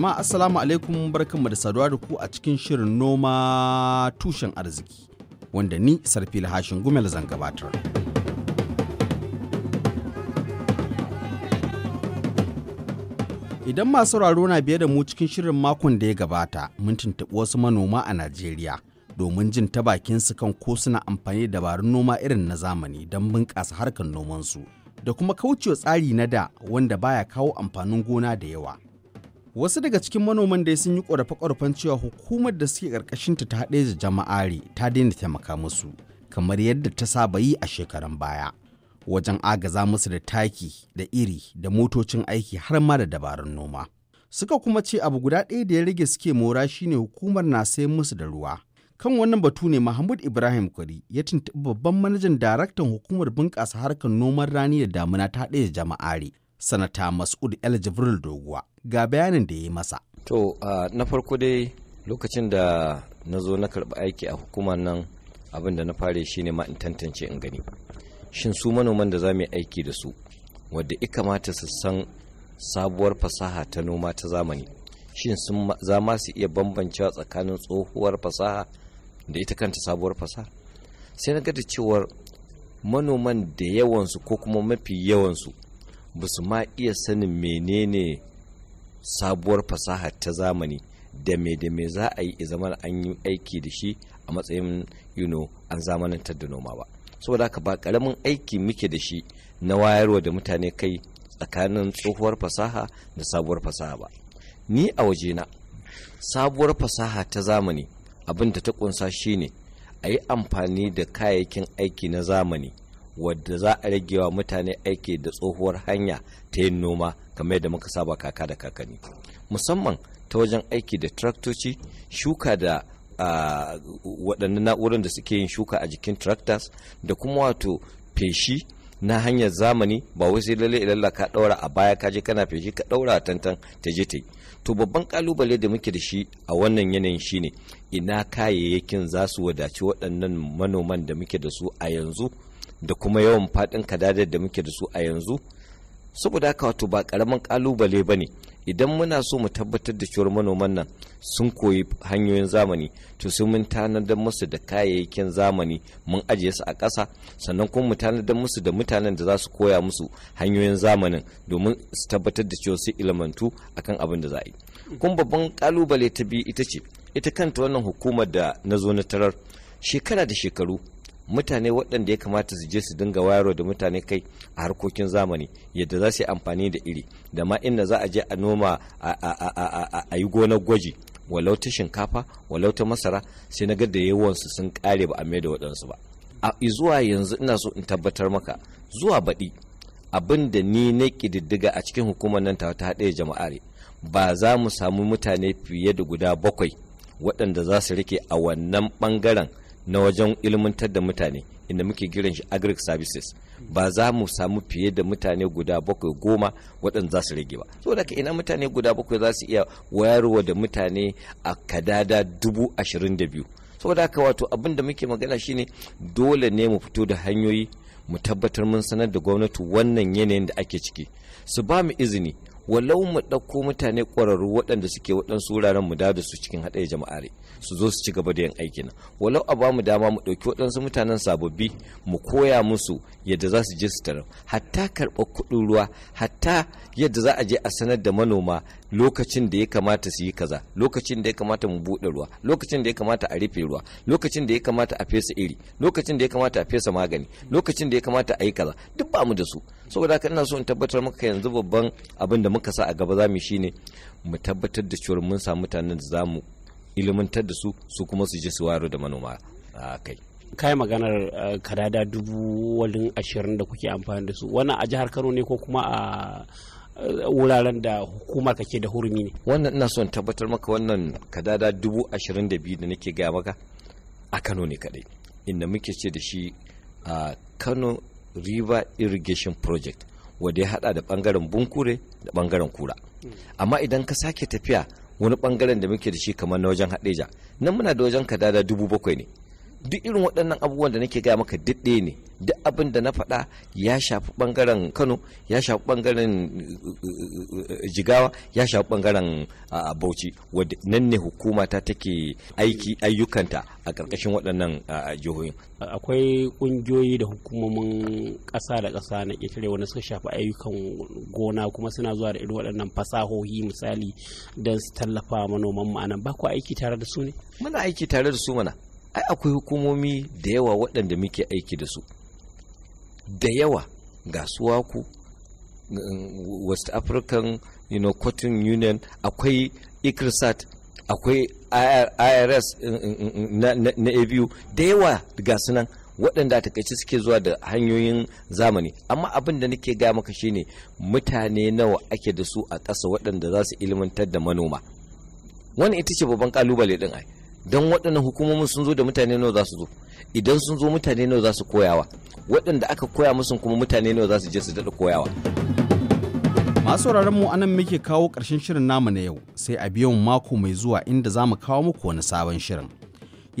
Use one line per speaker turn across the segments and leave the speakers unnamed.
Jama'a Assalamu alaikum barkanmu da saduwa da ku a cikin shirin noma tushen arziki wanda ni sarfi lahashin Gumel zan gabatar. Idan masu sauraro na biye da mu cikin shirin makon da ya gabata, mun tuntuɓi wasu manoma a Najeriya domin jin ta bakin su kan ko suna amfani da dabarun noma irin na zamani don bunƙasa harkar nomansu da kuma kaucewa tsari na da wanda baya kawo amfanin gona da yawa. wasu daga cikin manoman dai sun yi ƙorafe-ƙorafen cewa hukumar da suke ƙarƙashinta ta haɗe da jama'are ta daina taimaka musu kamar yadda ta saba yi a shekarun baya wajen agaza musu da taki da iri da motocin aiki har ma da dabarun noma suka kuma ce abu guda ɗaya da ya rage suke mora shine hukumar na sayan musu da ruwa kan wannan batu ne mahmud ibrahim kwari ya tuntuɓi babban manajan daraktan hukumar bunƙasa harkar noman rani da damuna ta haɗe da jama'are sanata mas'ud el jibril doguwa ga bayanin da ya yi masa to na
farko dai lokacin da na zo na karɓi aiki a hukuma nan abin da na fare shine ma in tantance in gani shin su manoman da za mu yi aiki da su wadda i kamata su san sabuwar fasaha ta noma ta zamani shin sun za ma su iya bambancewa tsakanin tsohuwar fasaha da ita kanta sabuwar fasaha sai na da cewar manoman da yawansu ko kuma mafi yawansu ba su ma iya sanin menene sabuwar fasaha ta zamani da me da me za a yi zama an yi aiki da shi a matsayin you an zamanantar da noma ba saboda haka ba karamin aiki muke da shi na wayarwa da mutane kai tsakanin tsohuwar fasaha da sabuwar fasaha ba ni a waje na sabuwar fasaha ta zamani abin da ta kunsa shine a yi amfani da kayayyakin aiki na zamani wadda za a rage wa mutane aiki da tsohuwar hanya ta yin noma kamar da muka saba kaka da kakanni musamman ta wajen aiki da traktoci shuka da waɗannan na'urar da suke yin shuka a jikin tractors da kuma wato feshi na hanyar zamani ba wai sai lalle ilalla ka ɗaura a baya ka je kana feshi ka ɗaura tantan ta je ta yi to babban kalubale da muke da shi a wannan yanayin shine ina kayayyakin za su wadaci waɗannan manoman da muke da su a yanzu da kuma yawan faɗin kadadar da muke da su a yanzu saboda haka wato ba karamin kalubale ba ne idan muna so mu tabbatar da cewar manoman nan sun koyi hanyoyin zamani to sai mun tanadar musu da kayayyakin zamani mun ajiye su a ƙasa sannan kuma mu tanadar musu da mutanen da za su koya musu hanyoyin zamanin domin su tabbatar da cewa su ilmantu akan abin da za a yi kuma babban kalubale ta biyu ita ce ita kanta wannan hukumar da na zo na tarar shekara da shekaru mutane waɗanda ya kamata su je su dinga wayarwa da mutane kai a harkokin zamani yadda za su yi amfani da iri da ma inda za a je a noma a yi gonar gwaji walau ta shinkafa walau ta masara sai na ga da yawansu sun kare ba a mai da waɗansu ba a zuwa yanzu ina so in tabbatar maka zuwa baɗi abin da ni na ƙididdiga a cikin hukumar nan ta haɗe ne ba za mu samu mutane fiye da guda bakwai waɗanda za su rike a wannan ɓangaren na wajen ilmantar da mutane inda muke girin shi agric services ba za mu samu fiye da mutane guda bakwai goma waɗanda za su rage ba so daga ina mutane guda bakwai za su iya wayarwa da mutane a kadada dubu ashirin da biyu saboda haka wato abin da muke magana shine dole ne mu fito da hanyoyi mu tabbatar mun sanar da gwamnati wannan yanayin da ake ciki su ba mu izini walau mu ɗauko mutane ƙwararru waɗanda suke waɗansu wuraren mu da su cikin haɗaya jama'are su zo su ci gaba da yin aikin walau a bamu dama mu ɗauki waɗansu mutanen sababbi mu koya musu yadda za su je su tarar hatta karɓar kuɗin ruwa hatta yadda za a je a sanar da manoma lokacin da ya kamata su yi kaza lokacin da ya kamata mu buɗe ruwa lokacin da ya kamata a rufe ruwa lokacin da ya kamata a fesa iri lokacin da ya kamata a fesa magani lokacin da ya kamata a yi kaza duk ba mu da su saboda haka ina so in tabbatar maka yanzu babban abin da muka sa a gaba za mu shine mu tabbatar da cewa mun samu mutanen da za mu ilimantar da su su kuma su je su waro da manoma a kai kai maganar eh, kadada dubu walin ashirin da kuke amfani da su wannan a jihar kano ne ko kuma a eh, wuraren da hukumar kake da hurumi ne wannan ina son tabbatar maka wannan kadada dubu ashirin da biyu da nake gaya maka a kano ne kadai inda muke ce da shi a kano river irrigation project wadda ya hada da bangaren bunkure da bangaren kura amma idan ka sake tafiya wani bangaren da muke da shi kamar na wajen hadeja nan muna da wajen kadada dubu bakwai ne duk irin waɗannan abubuwan da nake gaya maka diɗɗe ne duk abin da na faɗa ya shafi ɓangaren kano ya shafi ɓangaren eh, eh, jigawa ya shafi ɓangaren bauchi wadda nan ne hukuma take aiki ayyukanta a ƙarƙashin waɗannan jihohin akwai
ƙungiyoyi da hukumomin ƙasa da ƙasa na ƙetare wanda suka shafi ayyukan gona kuma suna zuwa da irin waɗannan fasahohi misali don su tallafa manoman ma'ana
ba ku aiki tare da su ne muna aiki tare da su mana ai akwai hukumomi da yawa waɗanda muke aiki da su da yawa ga suwaku mm, west african you know, cotton union akwai ikrisat akwai irs mm, mm, na abu da yawa ga sunan waɗanda a takaice suke zuwa da hanyoyin zamani amma abin da nake gaya maka shine mutane nawa ake da su a ƙasa waɗanda za su ilmantar da manoma wani ita ce babban ƙalubale ɗin ai don waɗannan hukumomin sun zo da mutane nawa za su zo idan sun zo mutane nawa za su koyawa waɗanda aka koya musu kuma mutane nawa za su je su daɗa koyawa
masu sauraron mu anan muke kawo ƙarshen shirin namu na yau sai a biyan mako mai zuwa inda za mu kawo muku wani sabon shirin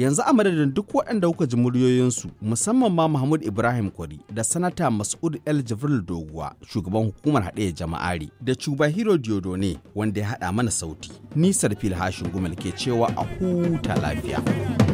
yanzu a madadin duk waɗanda kuka ji muryoyinsu musamman ma Mahmud Ibrahim Kwari da sanata Mas'ud El Jibril Doguwa shugaban hukumar haɗe jama'ari da Cuba Hero ne wanda ya haɗa mana sauti. nisar Sarfil Hashin Gumel ke cewa a huta lafiya.